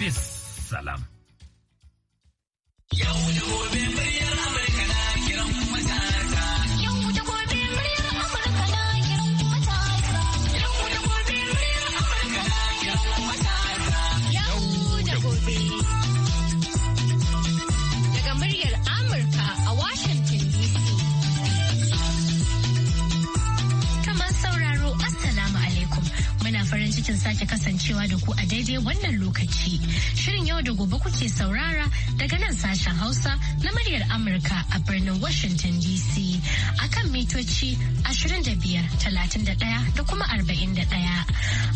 bis salam. kasancewa da ku a daidai wannan lokaci. Shirin yau da gobe kuke saurara daga nan sashen Hausa na muryar Amurka a birnin Washington DC akan mitoci 25,31 da kuma 41.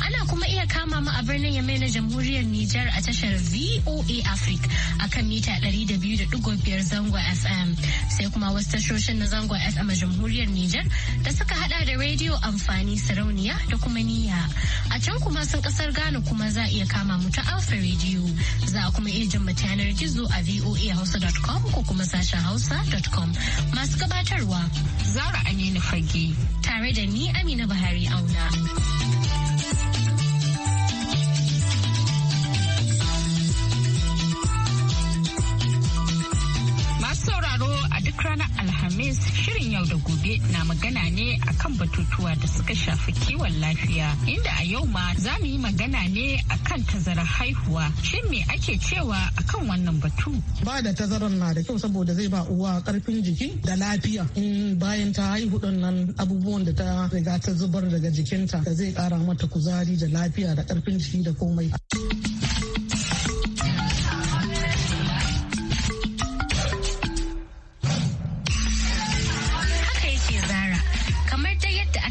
Ana kuma iya kama mu a birnin Yamai na Jamhuriyar Nijar a tashar VOA Africa a kan mita 200.5 zango FM. Sai kuma wasu tashoshin na zango FM a Jamhuriyar Nijar da suka hada da rediyo amfani sarauniya da kuma niyya. A can kuma sun kasar Ghana kuma za a iya kama mu ta Alpha Radio. Za a kuma iya jin ta yanar gizo a voahausa.com ko kuma sashen hausa.com. Masu gabatarwa Zara Aminu Fage. Tare da ni Amina Buhari Auna. Masu sauraro a duk ranar Alhamis shirin yau da gobe na magana ne akan batutuwa da suka shafi kiwon lafiya inda a yau ma za mu yi magana ne akan tazarar haihuwa shin me ake cewa akan wannan batu. Ba da tazarar na da kyau saboda zai ba uwa karfin jiki da lafiya in bayan ta haihu din nan abubuwan da ta riga ta zubar daga jikinta da zai kara mata kuzari da lafiya da karfin jiki da komai.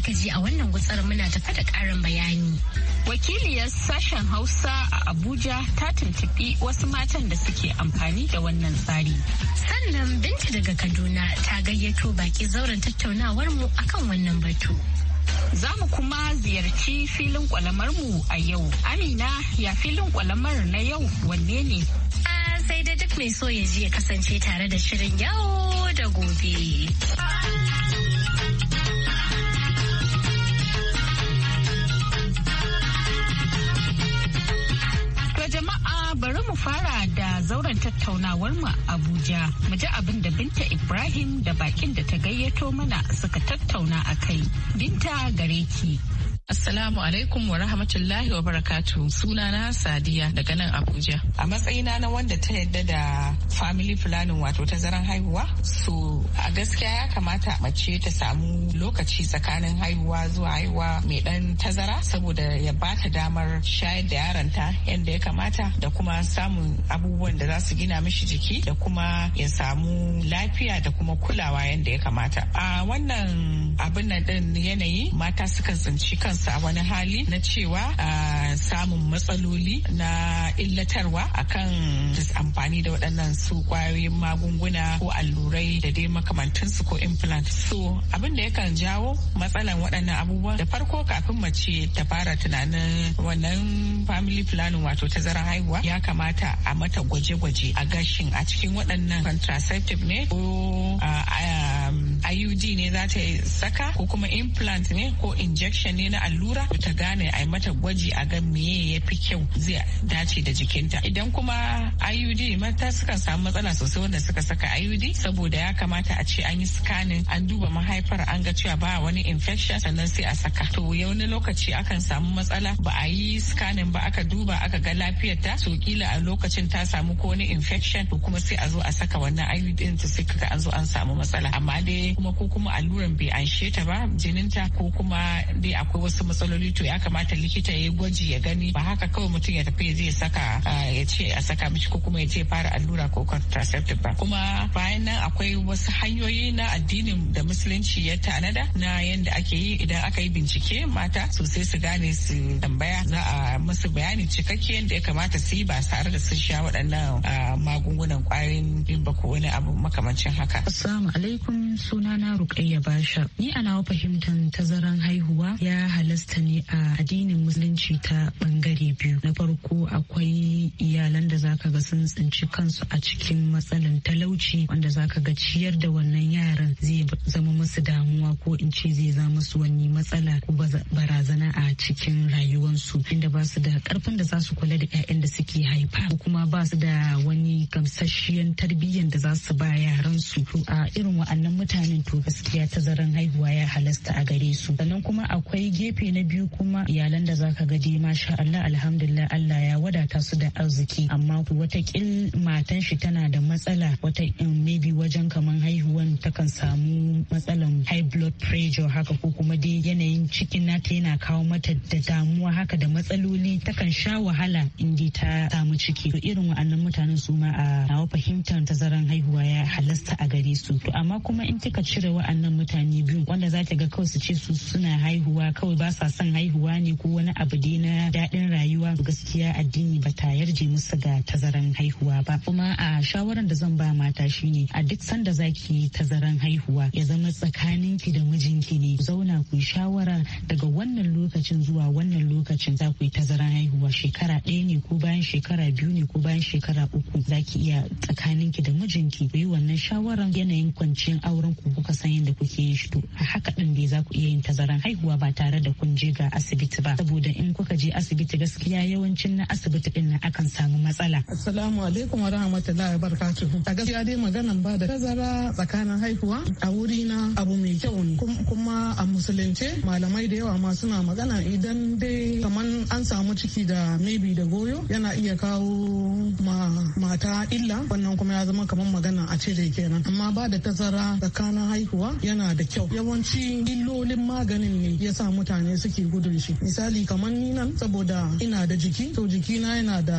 aka ji a wannan gutsar muna tafa da ƙarin bayani. Wakiliyar sashen Hausa a Abuja ta tuntuɓi wasu matan da suke amfani da wannan tsari. Sannan Binta daga Kaduna ta gayyato baki zauren tattaunawar mu akan wannan batu. Za mu kuma ziyarci filin kwalamar mu a yau. Amina ya filin kwalamar na yau wanne ne? sai da duk mai so ya ji ya kasance tare da shirin yau da gobe. Jama'a bari mu fara da zauren tattaunawar mu Abuja. Mu ji abin da Binta Ibrahim da bakin da ta gayyato mana suka tattauna a kai. Binta gare ki. Assalamu alaikum wa rahmatullahi wa barakatu. Sunana Sadiya daga nan Abuja. A matsayina na wanda ta yadda da family planning wato tazaran haihuwa. So a gaskiya ya kamata mace ta samu lokaci tsakanin haihuwa zuwa haihuwa mai dan tazara saboda ya ba ta damar shayar da yaranta yadda ya kamata da kuma samun abubuwan da za su gina mishi jiki da kuma ya samu lafiya da kuma kulawa yadda ya kamata. A wannan abin nan din yanayi mata sukan tsinci kan kansa a wani hali na cewa samun matsaloli na illatarwa akan amfani da waɗannan su kwayoyin magunguna ko allurai da dai makamantansu ko implant so abin da yakan jawo matsalan waɗannan abubuwan da farko kafin mace ta fara tunanin wannan family planning wato ta tazarar haihuwa ya kamata a mata gwaje-gwaje a gashin a cikin waɗannan contraceptive ne ko IUD ne za ta saka ko kuma implant ne ko injection ne na allura ta gane a mata gwaji a ga meye ya fi kyau zai dace da jikinta idan kuma IUD mata sukan samu matsala sosai wanda suka saka IUD saboda ya kamata a ce an yi scanning an duba mahaifar an ga cewa ba wani infection sannan sai a saka to ya wani lokaci akan samu matsala ba a yi scanning ba aka duba aka ga lafiyar ta so kila a lokacin ta samu ko wani infection to kuma sai a zo a saka wannan IUD din ta sai kaga an zo an samu matsala amma dai kuma ko kuma alluran bai anshe ta ba jininta ko kuma dai akwai wasu wasu matsaloli to ya kamata likita ya gwaji ya gani ba haka kawai mutum ya tafi zai saka ya ce a saka mishi ko kuma ya ce fara allura ko contraceptive ba kuma bayan nan akwai wasu hanyoyi na addinin da musulunci ya tanada na yanda ake yi idan aka yi bincike mata sosai su gane su tambaya za a musu bayani cikakke da ya kamata su yi ba tare da sun sha waɗannan magungunan kwayoyin bimba ko wani abu makamancin haka. Assalamu alaikum sunana Rukayya Basha. Ni a nawa fahimtan tazaran haihuwa ya halasta ne a addinin musulunci ta bangare biyu na farko akwai iyalan da zaka ga sun tsinci kansu a cikin matsalan talauci wanda zaka ga ciyar da wannan yaran zai zama musu damuwa ko in ce zai zama musu wani matsala ko barazana a cikin rayuwansu inda ba su da karfin da za su kula da 'ya'yan da suke haifa ko kuma ba su da wani gamsasshiyan tarbiyyan da za su ba yaran su a irin wa'annan mutanen to gaskiya ta tazaran haihuwa ya halasta a gare su sannan kuma akwai gefe gefe na biyu kuma iyalan da zaka ga dai masha Allah alhamdulillah Allah ya wadata su da arziki amma watakil matan shi tana da matsala wata um, maybe wajen kaman haihuwan kan samu matsalan high blood pressure haka ko kuma dai yanayin cikin nata yana kawo mata da damuwa haka da matsaloli ta kan sha wahala in dai ta samu ciki to irin wa'annan mutanen su ma a nawa fahimtar tazaran haihuwa ya halasta a gare su to amma kuma in kika cire wa'annan mutane biyu za ta ga kawai su ce su suna haihuwa kawai ba sa son haihuwa ne ko wani abu dai na daɗin rayuwa gaskiya addini ba ta yarje musu ga tazaran haihuwa ba kuma a shawaran da zan ba mata shine a duk sanda za ki tazaran haihuwa ya zama tsakaninki da mijinki ne zauna ku shawara daga wannan lokacin zuwa wannan lokacin za ku yi tazaran haihuwa shekara ɗaya ne ko bayan shekara biyu ne ko bayan shekara uku za ki iya tsakaninki da mijinki ku yi wannan shawaran yanayin kwanciyar auren ku kuka san yadda kuke yin shi to a kaɗan dai za ku iya yin tazaran haihuwa ba tare da kun je ga asibiti ba saboda in kuka je asibiti gaskiya yawancin na asibiti din na akan samu matsala. Assalamu alaikum wa rahmatullahi wa barakatuhu. A gaskiya dai maganan ba da tazara tsakanin haihuwa a wuri na abu mai kyau ne kuma a musulunce malamai da yawa ma suna magana idan dai kaman an samu ciki da maybe da goyo yana iya kawo ma mata illa wannan kuma ya zama kaman magana a ce da kenan amma ba da tazara tsakanin haihuwa yana da kyau yawanci shi illolin maganin ne ya sa mutane suke gudun shi misali kamar ni nan saboda ina da jiki to jiki na yana da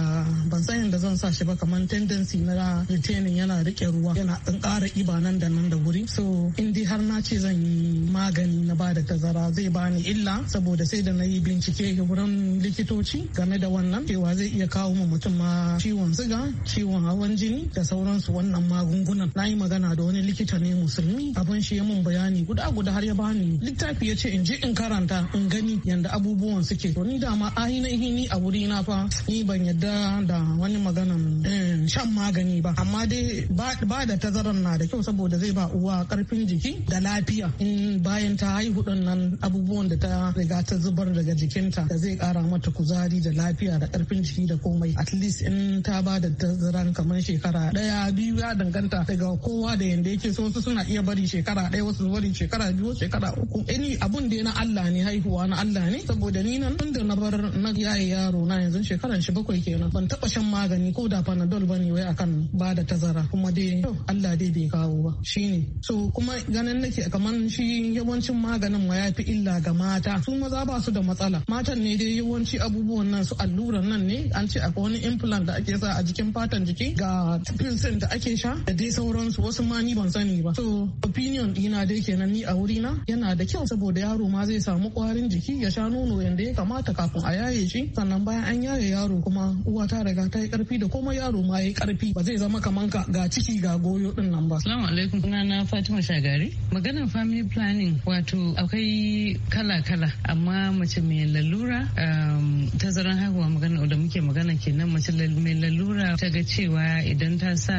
ban san yadda zan sa shi ba kamar tendency na retaining yana rike ruwa yana dan ƙara nan da nan da wuri so in dai har na ce zan yi magani na ba da tazara zai bani illa saboda sai da na yi bincike wurin likitoci game da wannan cewa zai iya kawo ma mutum ma ciwon siga ciwon hawan jini da sauransu wannan magungunan na yi magana da wani likita ne musulmi abin shi ya mun bayani guda guda har ya bani littafi ya ce in je in karanta in gani yanda abubuwan suke to ni dama ainihin ni a wuri na fa ni ban yadda da wani maganan eh, shan magani ba amma dai ba da tazaran na da kyau saboda zai ba uwa karfin jiki da lafiya in bayan ta haihu din nan abubuwan da ta riga ta zubar daga jikinta da zai kara mata kuzari da lafiya da karfin jiki da komai at least in ta ba da tazaran kamar shekara daya biyu ya danganta daga kowa da yanda yake so wasu suna iya bari shekara daya wasu bari shekara biyu haihuwa shekara uku any eh, abun da na Allah ne haihuwa na Allah ne saboda ni nan tun da na bar na yaye yaro na yanzu shekaran shi bakwai kenan ban taba shan magani ko da panadol bane wai akan ba da tazara kuma dai Allah dai bai kawo ba shine so kuma ganin nake kaman shi yawancin maganin ma ya fi illa ga mata su maza ba su da matsala matan ne dai yawanci abubuwan nan su alluran nan ne an ce akwai wani implant da ake sa a jikin fatan jiki ga pills da ake sha da dai sauransu wasu ma ni ban sani ba so opinion dina dai kenan ni a wuri yana da kyau saboda yaro ma zai samu kwarin jiki ya sha nono yanda ya kamata kafin a yaye shi sannan bayan an yaye yaro kuma uwa ta riga ta yi karfi da kuma yaro ma ya karfi ba zai zama kaman ka ga ciki ga goyo din nan ba. Assalamu alaikum na Fatima Shagari maganar family planning wato akwai kala-kala amma mace mai lalura um, tazaran haihuwa magana da muke magana kenan mace mai lalura ta ga cewa idan ta sa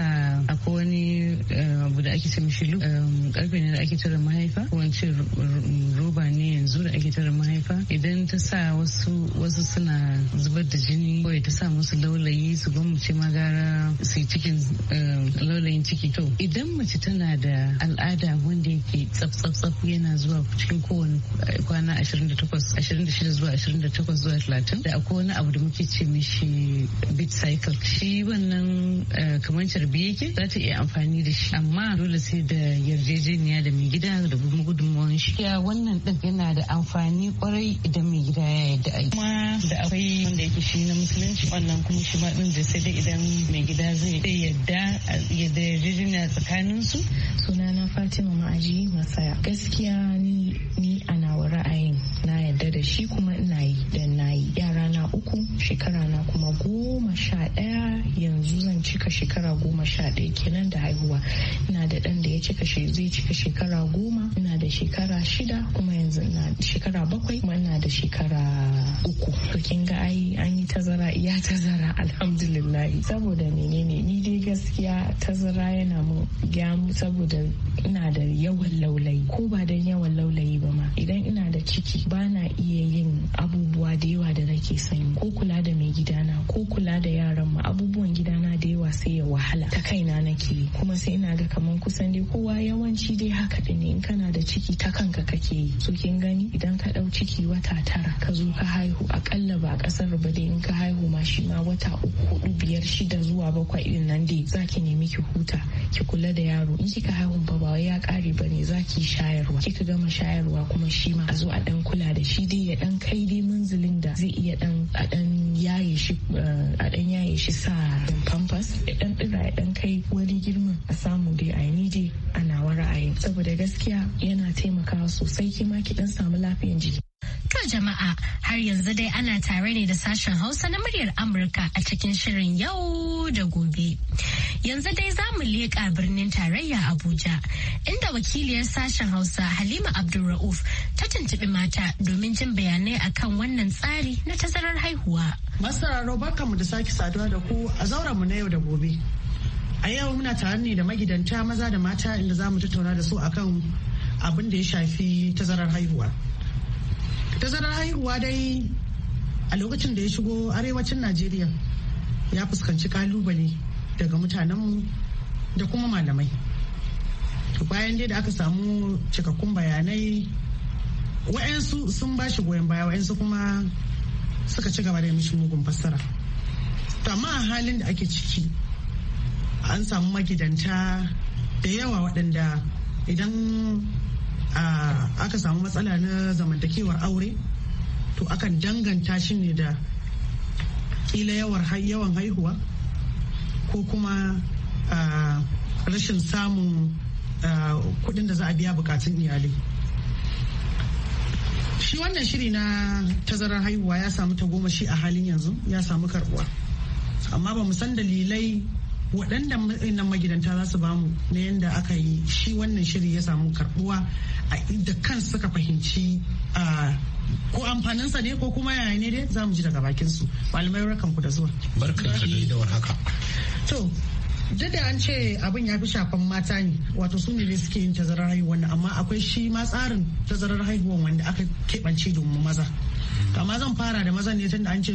akwai wani um, abu da ake ce mishi karfe um, ne da ake cire mahaifa yawancin roba ne yanzu da ake tara mahaifa idan ta sa wasu wasu suna zubar da jini kawai ta sa musu laulayi su gwamnati magara su cikin eh, laulayin ciki to idan mace tana da al'ada wanda yake tsaf tsaf tsaf yana zuwa cikin kowane kwana 28 26 zuwa 28 zuwa 30 da akwai wani abu da muke ce mishi bit cycle shi wannan eh, kamancin biye yake za ta iya amfani da shi amma dole sai da yarjejeniya da mai gida da gudunmuwan shi. Ya wannan din yana da amfani kwarai idan mai gida ya yadda a Kuma da akwai wanda yake shi na musulunci wannan kuma shi ma din da sai dai idan mai gida zai yadda yadda yarjejeniya tsakanin su. Sunana Fatima Ma'aji Masaya. Gaskiya ni ni ana wa ra'ayin na yadda da shi kuma ina yi da uku shekara na kuma goma sha ɗaya yanzu zan cika shekara goma sha ɗaya kenan da haihuwa ina da ɗan da ya cika zai cika shekara goma ina da shekara shida kuma yanzu ina shekara bakwai kuma ina da shekara uku to kin ga ai an yi tazara iya tazara alhamdulillah saboda menene ni dai gaskiya tazara yana mu gyamu saboda ina da yawan laulayi ko ba don yawan laulayi ba ma idan ina da ciki bana iya yin abubuwa da yawa da nake son matsayin ko kula da mai gidana ko kula da yaran mu abubuwan gidana da yawa sai ya wahala ta kaina nake kuma sai ina ga kaman kusan dai kowa yawanci dai haka din in kana da ciki ta kanka kake yi so kin gani idan ka dau ciki wata tara ka zo ka haihu akalla ba kasar ba dai in ka haihu ma shi ma wata uku hudu biyar shida zuwa bakwai irin nan dai zaki nemi ki huta ki kula da yaro in kika haihu ba ba ya kare ba ne zaki shayarwa kika gama shayarwa kuma shi ma a zo a dan kula da shi dai ya dan kai dai manzilin da zai iya dan a dan eh, yaye shi sa don sa pampas ya dan dira ya dan kai wani girman a samu dai a ni dai a nawa ra'ayi saboda gaskiya yana taimakawa sosai kima ki dan samu lafiyan jiki To jama'a har yanzu dai ana tare ne da sashen Hausa na muryar Amurka a cikin shirin yau da gobe. Yanzu dai za mu leƙa birnin tarayya Abuja inda wakiliyar sashen Hausa Halima Abdulra'uf ta tuntuɓi mata domin jin bayanai akan wannan tsari na tazarar haihuwa. Masararo mu da sake saduwa da ku a mu na yau da gobe. A yau muna tare ne da magidanta maza da mata inda za mu tattauna da su akan abin da ya shafi tazarar haihuwa. tazarar haihuwa dai a lokacin da ya shigo arewacin najeriya ya fuskanci kalubale daga mutanenmu da kuma malamai bayan dai da aka samu cikakkun bayanai wa'yansu sun ba shi goyon baya wa'yansu kuma suka ci gaba da mishi mugun fassara amma a halin da ake ciki an samu magidanta da yawa waɗanda idan aka samu matsala na zamantakewar aure to akan danganta shi ne da kila yawan haihuwa ko kuma rashin samun kudin da za a biya bukatun iyali shi wannan shiri na tazarar haihuwa ya samu tagomashi a halin yanzu ya samu karbuwa amma ba san dalilai waɗanda matsayin magidanta za su bamu na yadda aka yi shi wannan shiri ya samu karbuwa da kan suka fahimci ko amfaninsa ne ko kuma yaya ne dai za mu ji daga bakin su malamai rakan ku da zuwa Barka da warhaka to duk da an ce abin ya fi shafan mata ne wato su ne ne suke yin tazarar haihuwa amma akwai shi ma tsarin tazarar haihuwa wanda aka keɓance domin maza kama zan fara da mazan ne tunda an ce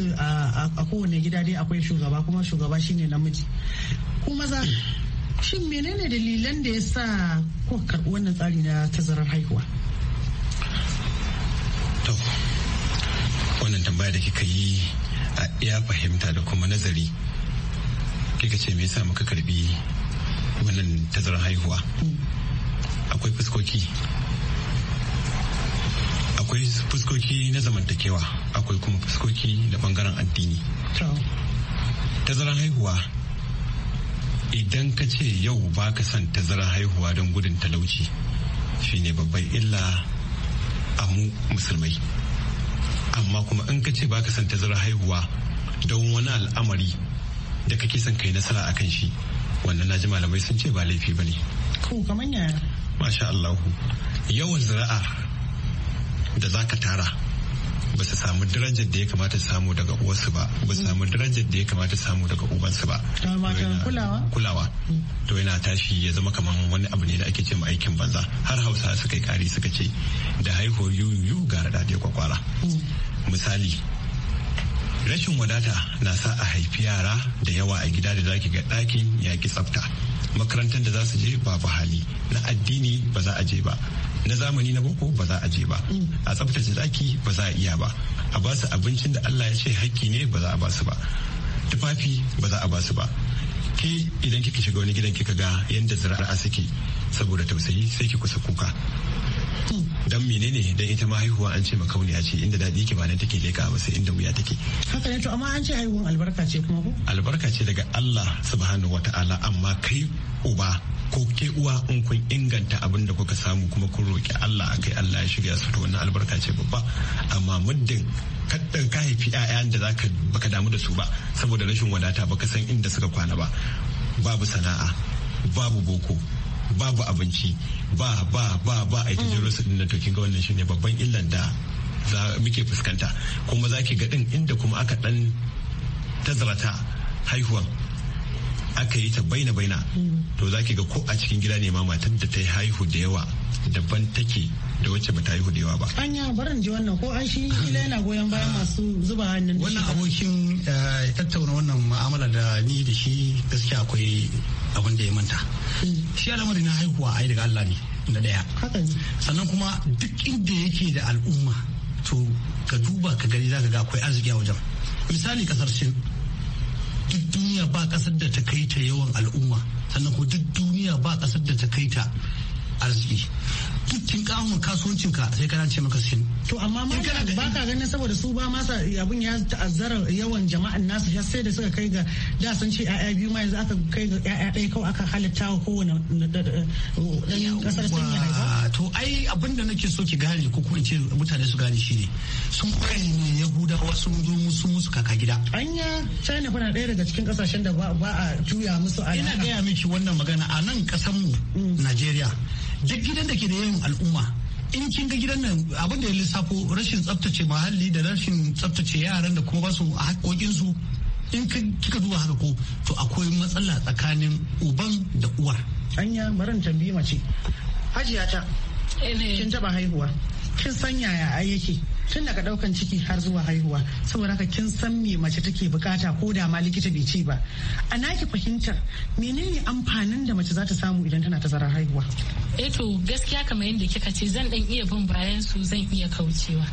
a kowane gida dai akwai shugaba kuma shugaba shine namiji ku maza shin menene dalilan da ya sa kuka karɓi wannan tsari na tazarar haihuwa to wannan tambaya da kika yi ya fahimta da kuma nazari kika ce me yasa muka karbi wannan tazarar haihuwa hmm. akwai fuskoki akwai fuskoki na zamantakewa akwai kuma fuskoki na bangaren addini tazaran haihuwa idan ka ce yau ba ka son tazaran haihuwa don gudun talauci shine babban illa a mu musulmai amma kuma in ka ce ba ka son tazaran haihuwa don wani al'amari da kake son kai nasara a kan shi wannan naji malamai sun ce ba laifi ba ne. kamar yaya? Masha Yawan zira'a da za ka tara ba su samu darajar da ya kamata samu daga uwarsu ba ba su samu darajar da ya kamata samu daga ubansu ba kulawa to yana tashi ya zama kamar wani abu ne da ake ce aikin banza har hausa suka yi kari suka ce da haihuwar yuyu ga rada da kwakwara misali rashin wadata na sa a haifi yara da yawa a gida da zaki ga ɗakin ki tsafta makarantar da za su je babu hali na addini ba za a je ba na zamani na boko ba za a je ba mm. a tsaftace zaki ba za a iya ba a ba su abincin da Allah ya ce hakki ne ba za a ba su ba tufafi ba za a ba su ba ke idan kika shiga wani gidan kika ga yadda zira'a suke saboda tausayi sai ki kusa kuka mm. dan menene dan ita ma haihuwa an ce makauniya ce inda dadi ke ba nan take leka ba sai inda wuya take haka ne to amma an ce haihuwa albarka ce kuma ko albarka ce daga Allah subhanahu wataala amma kai uba ko ke uwa in kun inganta abin da kuka samu kuma kun roki Allah kai Allah ya shirya su to wannan albarka ce babba amma muddin kaddan ka haifi 'ya'yan da zaka baka damu da su ba saboda rashin wadata baka san inda suka kwana ba babu sana'a babu boko babu abinci ba ba ba ba a ita jero su dinnan to ga wannan shine babban illan da za muke fuskanta kuma zaki ga din inda kuma aka dan tazarata haihuwan aka yi ta baina baina to ki ga ko a cikin gida ne ma matan da ta yi haihu da yawa daban take da wacce bata haihu da yawa ba An anya barin ji wannan ko an shi kila yana goyon bayan masu zuba hannun wannan abokin eh, tattauna wannan mu'amala da ni da shi gaskiya akwai abin da ya manta shi al'amari na haihuwa ai daga Allah ne na daya sannan kuma duk inda yake da al'umma to ka duba ka gani ka ga akwai arziki a wajen misali kasar sin duk duniya ba kasar da ta kai ta yawan al'umma sannan ko duk duniya ba kasar da ta kai ta arziki kikkin kahon kasuwancin ka sai kana ce maka sin to amma ma ba ka ganin saboda su ba masa abun ya ta'azzara yawan jama'an nasu ya sai da suka kai ga da sun ce yaya biyu ma yanzu aka kai ga yaya ɗaya kawai aka halitta wa kowane ɗan kasar sun yi to ai abin da nake so ki gane ko kuma ce mutane su gane shi ne sun kware ne yahudawa sun zo musu musu kaka gida anya china fana ɗaya daga cikin kasashen da ba a juya musu alaƙa ina gaya miki wannan magana a nan ƙasar mu mm. najeriya duk gidan da ke da yawan al'umma in kin ga gidan nan abin da ya lissafo rashin tsaftace muhalli da rashin tsaftace yaran da kuma basu haƙoƙin su in kika duba haka ko to akwai matsala tsakanin uban da uwar anya maran tambayi mace hajiya ta eh, kin taba haihuwa kin san yaya ai tun daga daukan ciki har zuwa haihuwa saboda haka kin san me mace take bukata ko da ma likita bai ce ba a naki fahimtar menene amfanin da mace za ta samu idan tana tazara haihuwa eh to gaskiya kamar yadda kika ce zan dan iya bin bayan su zan iya kaucewa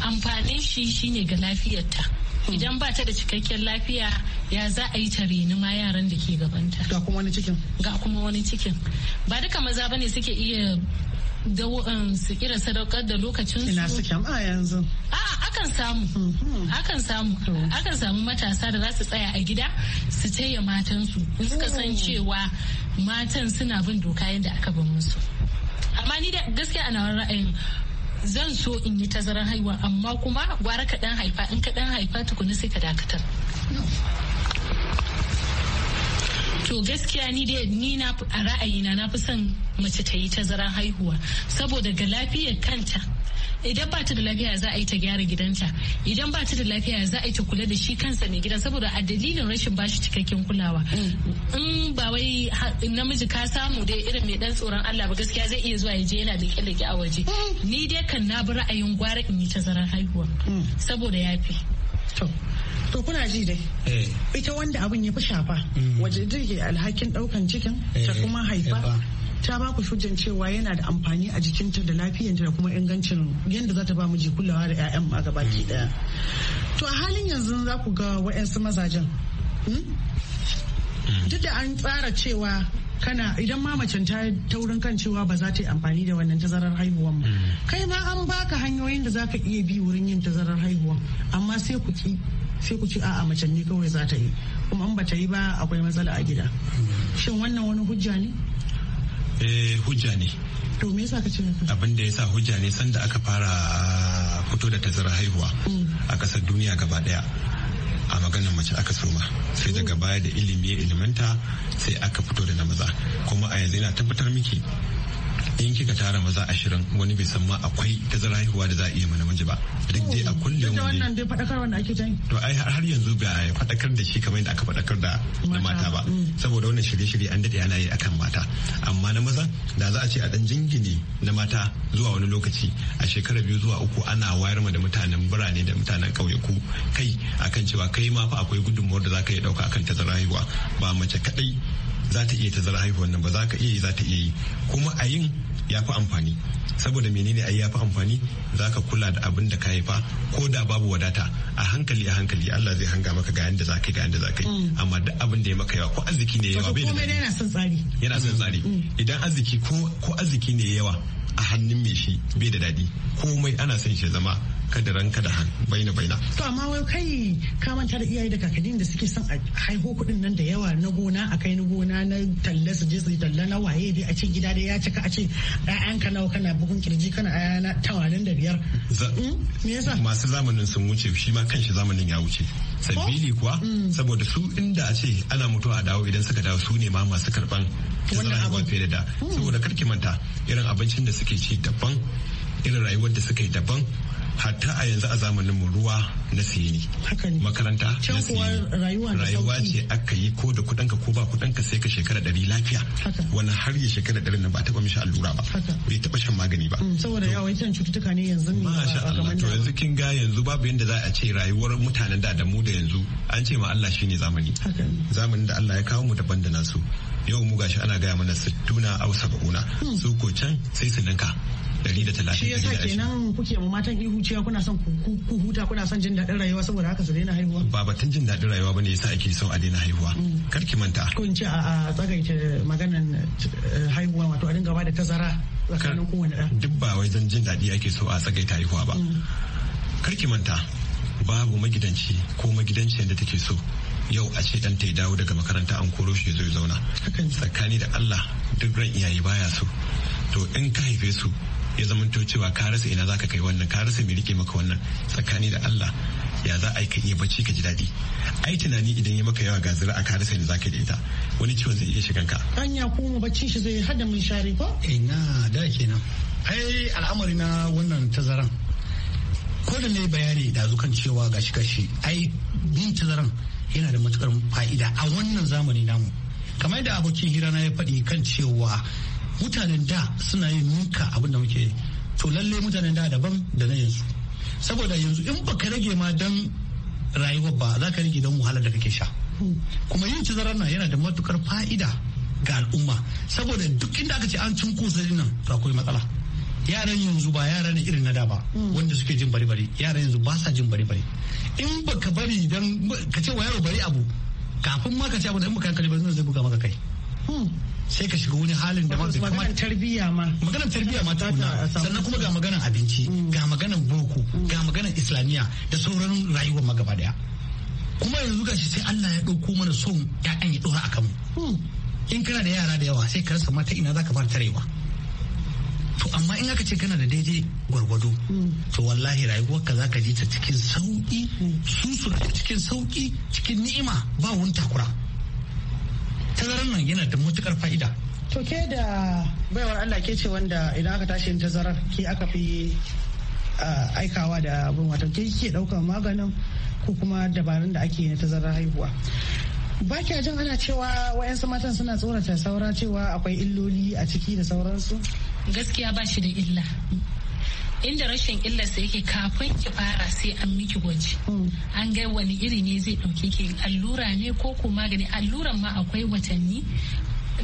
amfanin shi shine ga lafiyarta hmm. idan ba ta da cikakken lafiya ya za a yi ta ni ma yaran da ke gabanta ga kuma wani cikin ga kuma wani cikin ba duka maza bane suke iya da um, kira sadaukar da lokacin su ina a yanzu a akan samu hmm. akan samu akan samu matasa da za su tsaya a gida su taya matan su suka san hmm. cewa matan suna bin doka yadda aka bin musu amma ni da gaskiya ana ra'ayin zan so in yi tazarar haihuwa amma kuma gwara kaɗan haifa in kaɗan haifa tukuna sai ka dakatar To gaskiya ni dai ni na a ra'ayina na fi son mace ta yi tazaran haihuwa saboda ga lafiyar kanta idan ba ta da lafiya za a yi ta gyara gidanta idan ba ta da lafiya za a yi ta kula da shi kansa mai gidan saboda a dalilin rashin bashi cikakken kulawa mm. in ba wai namiji ka samu dai irin mai dan tsoron Allah ba gaskiya zai iya zuwa ya je yana da kyalake a waje mm. ni dai kan na bi ra'ayin gwara in yi tazaran haihuwa mm. saboda yafi to kuna ji dai eh. ita wanda abin ya fi shafa mm. waje ke alhakin daukan cikin ta eh, kuma haifa ta ba ku hujjan cewa yana da amfani a jikinta da lafiyanta da kuma ingancin yadda za ta ba mu kulawa da 'ya'yan a gabaki daya mm. to a halin yanzu za ku ga wa'yansu mazajen hmm? Mm. duk da an tsara cewa kana idan ma macen ta taurin kan cewa ba za ta yi amfani da wannan tazarar haihuwan ba mm. kai ma an baka hanyoyin da za ka iya bi wurin yin tazarar haihuwa amma sai ku ci sai ku ci a'a macen ne kawai za ta yi kuma an bata yi ba akwai matsala a gida mm. shin wannan wani hujja ne eh hujja ne to me yasa ka abin da yasa hujja ne sanda aka fara fito da tazarar haihuwa a kasar duniya gaba daya a maganar mace aka soma sai daga baya da ilimi ya ilimanta sai aka fito da na maza kuma a yanzu yana tabbatar miki in kika tara maza ashirin wani bai san ma akwai tazara haihuwa da za a iya mana miji ba duk dai a kullum wani wannan dai fadakar wanda ake to ai har yanzu ba fadakar da shi kamar da aka fadakar da mata ba mm. saboda wannan shirye-shirye an dade ana yi akan mata amma na maza da za a ce a dan jingine na mata zuwa wani lokaci a shekara biyu zuwa uku ana wayar ma da mutanen birane da mutanen ƙauyaku kai akan cewa kai ma fa akwai gudunmuwar da za ka iya ɗauka akan tazara haihuwa ba mace kaɗai za ta iya tazara haihuwan nan ba za ka iya yi za ta iya yi kuma a yin ya fi amfani saboda menene a yi ya fi amfani za ka kula da abin da ka haifa ko da babu wadata a hankali a hankali Allah zai hanga maka ga yanda za ka ga yanda za ka yi mm. amma duk abin da ya maka yawa ko arziki ne yawa bai da yana tsari yana son tsari mm. Mm. idan arziki ko arziki ne yawa a hannun mai shi bai da daɗi komai ana son shi zama kada kadiranka da baina baina to amma wai kai ka manta da iyaye da kakanni da suke son a haihu kuɗin nan da yawa na gona a kai na gona na talle su je su talle na waye dai a ce gida dai ya cika a ce ka nawa kana bugun kirji kana na tawanin da biyar hmm? me yasa masu zamanin sun wuce shi ma kanshi zamanin ya wuce sabili kuwa hmm. saboda su inda a ce ana mutuwa a dawo idan suka dawo su ne ma masu karban wannan abin da hmm. saboda karki manta irin abincin da suke ci daban irin rayuwar da suke daban hatta a yanzu a zamanin mu ruwa na siye ne makaranta na siye rayuwa ce aka yi ko da ka ko ba ka sai ka shekara ɗari lafiya wani har ya shekara dari na ba taba mishi allura ba bai taba shan magani ba mm, saboda yawancin cututtuka ne yanzu ne masha Allah to yanzu kin ga yanzu babu yanda za a ce rayuwar mutanen da da mu da yanzu an ce ma Allah shine zamani zamanin da Allah ya kawo mu daban da nasu yau mu gashi ana gaya mana sittuna au saba'una hmm. su ko can sai su ninka shi yasa kenan kuke ma matan ihu cewa kuna son ku huta kuna son jin daɗin rayuwa saboda haka su daina haihuwa ba batun jin daɗin rayuwa bane yasa ake son a daina haihuwa mm. kar ki manta ko in ce a tsagaita maganan eh, haihuwa wato a dinga ba da tazara tsakanin kowane ɗa duk ba wai zan jin daɗi ake so a tsagaita haihuwa ba mm. kar ki manta babu magidanci ko magidanci da take so yau a ce ɗanta ya dawo daga makaranta an koro shi zai zauna tsakani da Allah duk ran iyaye baya so to in ka haife su ya zamanto cewa ka rasa ina zaka kai wannan ka rasa me rike maka wannan tsakani da Allah ya za a yi ka iya bacci ka ji daɗi ai tunani idan ya maka yawa gazira a ka rasa zaka da ita wani ciwon zai iya shigan ka anya kuma bacci shi zai hada mun share ko ina da kenan ai al'amari na wannan tazaran ko da ne bayani da kan cewa gashi gashi ai bin tazaran yana da matukar fa'ida a wannan zamani namu kamar da abokin hirana ya faɗi kan cewa mutanen da suna yin ninka abin da muke yi to lalle mutanen da daban da na yanzu saboda yanzu in baka rage ma dan rayuwar ba za ka rage don wahalar da kake sha kuma yin tazarar na yana da matukar fa'ida ga al'umma saboda duk inda aka ce an cin kusa nan to akwai matsala yaran yanzu ba yara ne irin na da ba wanda suke jin bari bari yaran yanzu ba sa jin bari bari in baka bari dan ka ce wa yaro bari abu kafin ma ka ce abu da in baka kalli ba zai buga maka kai sai ka shiga wani halin da ma bai tarbiyya ma maganar tarbiyya ma ta sannan kuma ga maganar abinci mm. ga maganar boko ga maganar islamiyya da sauran rayuwar ma daya kuma yanzu shi sai Allah ya ɗauko mana son ya'yan ya dora akan mu mm. in kana da yara da yawa sai ka rasa mata ina zaka fara tarewa to amma in aka ce kana da daidai gwargwado mm. to wallahi rayuwarka za ka ji ta cikin sauki su su cikin sauki cikin ni'ima ba wani takura tazarar nan yana da matukar fa'ida to ke da baiwar Allah ke ce wanda idan aka tashi yin tazarar ke aka fi aikawa da abin wato ke ke ɗaukar maganin ko kuma dabarun da ake na tazarar haihuwa ba kya jin ana cewa wayansu matan suna tsorata saura cewa akwai illoli a ciki da sauransu gaskiya ba shi da illa inda rashin illar illarsa yake kafin ki fara sai an miki gwaji an ga wani iri ne zai ɗauki ki allura ne ko ko magani alluran ma akwai watanni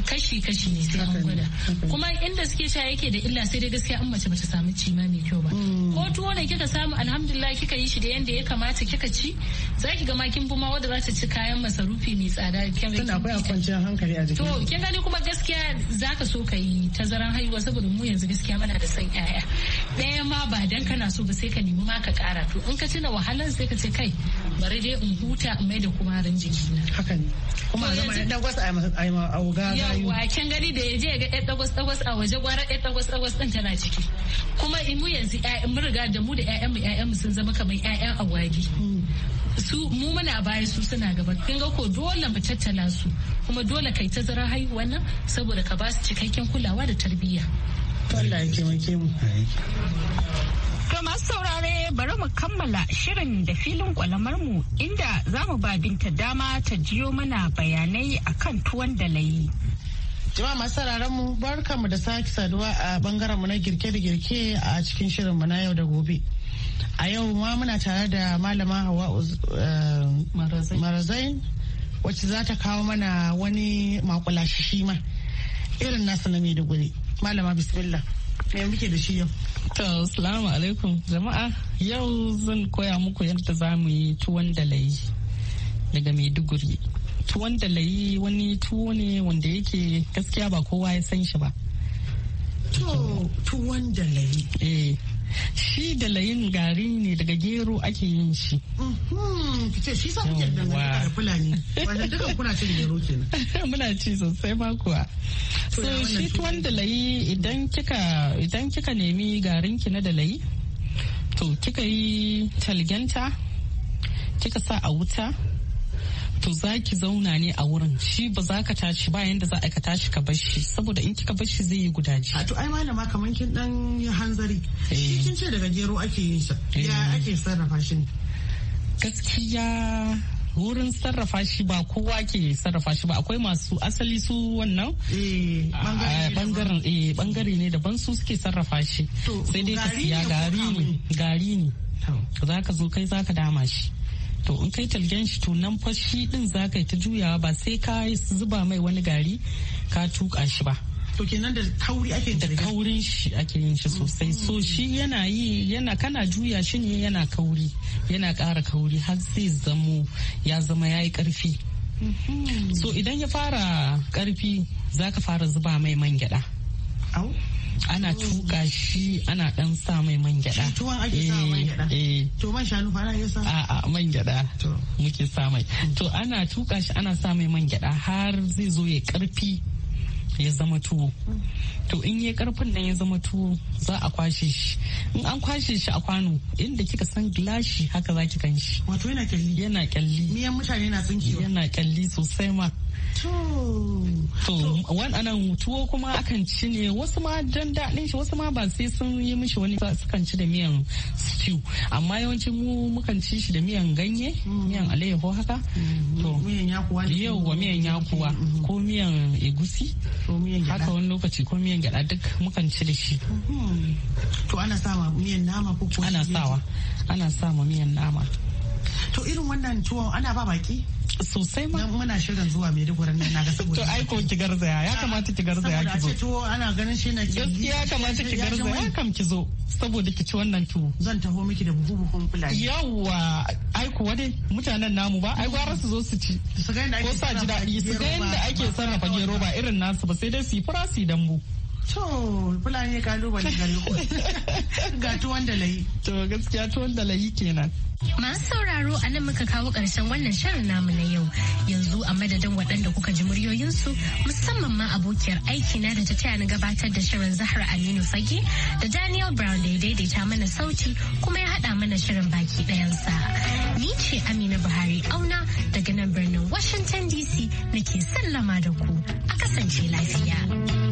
kashi-kashi ne sai an gwada kuma inda suke sha yake da illa sai dai gaskiya an mace bata samu cima mai kyau ba mm. ko tuwo ne kika samu alhamdulillah kika yi shi da yanda ya kamata kika ci zaki ga makin buma wanda za ci kayan masarufi mai tsada tana akwai kwanciyar hankali a jikin to kin gani kuma gaskiya zaka so ka yi tazaran haihuwa saboda mu yanzu gaskiya muna da san yaya ɗaya ma ba dan kana so ba sai ka nemi ma ka kara to in ka tuna wahalar sai ka ce kai bari dai in huta in mai da kumarin jiki na haka ne kuma a zama dagwas a yi ma a auga yi. yawa kin gani da ya je ga ɗan dagwas dagwas a waje gwara ɗan dagwas dagwas ɗin tana ciki kuma in mu yanzu ƴaƴan mu riga da mu da ƴaƴan mu ƴaƴan mu sun zama kamar ƴaƴan awagi su mu muna baya su suna gaba kin ga ko dole mu tattala su kuma dole kai zara haihuwa nan saboda ka ba su cikakken kulawa da tarbiyya Allah ya kemake mu To masu saurare bari mu kammala shirin da filin mu inda za mu ba binta dama ta jiyo mana bayanai akan tuwon da layi. Jama'a masu sauraron mu da sake saduwa a bangaren mu na girke da girke a cikin shirin mu na yau da gobe. A yau ma muna tare da malama Hawa eh, Marazain wacce za ta kawo mana wani makulashi shi ma irin nasu na guri Malama bismillah. Me muke da shi yau? To, salamu alaikum jama'a. Yau zan koya muku yadda za mu yi tuwon dalayi daga Maiduguri. Tuwon dalayi wani tuwo ne wanda yake gaskiya ba kowa ya san shi ba. To, tuwon dalayi. Eh. shi da layin gari ne daga gero ake yin shi mhm. ce shi sa kuke da da fulani wannan dukkan kuna cin gero kenan muna ci sosai ma kuwa so shi tuwon da layi idan kika idan kika nemi garin ki na da layi to kika yi talgenta kika sa a wuta to za ki zauna ne a wurin shi ba za ka tashi ba yanda za a ka tashi ka bar shi saboda in kika bar shi zai yi gudaji a to ai malama kamar kin dan hanzari shi eh. kin ce daga gero ake yin sa ya eh. ake sarrafa shi ne gaskiya wurin sarrafa shi ba kowa ke sarrafa shi ba akwai masu asali su wannan eh, bangare ne daban su suke sarrafa shi sai dai ka siya gari ne gari ne za ka zo kai za ka dama shi to in kai talgen shi to nan fa shi din za yi ta juyawa ba sai ka zuba mai wani gari ka tuka shi ba to kenan da kauri ake da kaurin shi ake yin shi sosai so shi yana yi yana kana juya shi ne yana kauri yana ƙara kauri har sai zamo ya zama yayi karfi mhm. so idan ya fara karfi zaka fara zuba mai man gyaɗa ana tuka shi ana dan sa mai man gyada tuwon ake sa mai gyada eh, eh. to man shanu fa ana sa a a man gyada muke sa mai to ana tuka shi ana sa mai man gyada har zai zo ya karfi ya zama tuwo to in ya karfin nan ya zama tuwo za a kwashe shi in an kwashe shi a kwano inda kika san gilashi haka za ki kan shi wato yana kyalli yana kyalli miyan mutane na tsinkewa yana kyalli sosai ma To, wannan tuwo kuma akan ci ne wasu ma don daɗin shi wasu ma ba sai sun yi mishi wani ba kan ci da miyan stew. Amma yawanci mu mukan ci shi da miyan ganye, miyan alayyaho haka. Mm-hmm. To, miyan yakuwa ne. wa miyan yakuwa mm-hmm. ko miyan egusi. Haka wani lokaci ko miyan gyaɗa duk mukan ci da shi. Mm-hmm. To ana sawa miyan nama ko Ana sawa. Ana sawa miyan nama. to irin wannan tuwon ana ba baki sosai ma muna shirin zuwa Maiduguri na ga saboda to ai ko ki garzaya ya kamata ki garzaya ki zo saboda tuwo ana ganin shi na ki ya kamata ki garzaya kam ki zo saboda ki ci wannan tuwo zan taho miki da buhu buhun fulani yawa ai ko dai mutanen namu ba ai gwara su zo su ci su ga inda ake sarrafa gero ba irin nasu ba sai dai su yi fura su yi dambu To, Fulani kalubale gare Ga tuwon da layi. To, gaskiya tuwon da layi kenan. Masu sauraro a nan muka kawo ƙarshen wannan shirin namu na yau. Yanzu a madadin waɗanda kuka ji muryoyinsu musamman ma abokiyar aiki na da ta taya ni gabatar da shirin Zahra Aminu Fage da Daniel Brown da ya daidaita mana sauti kuma ya haɗa mana shirin baki ɗayansa. Ni ce Amina Buhari Auna daga nan birnin Washington DC nake sallama da ku. A kasance lafiya.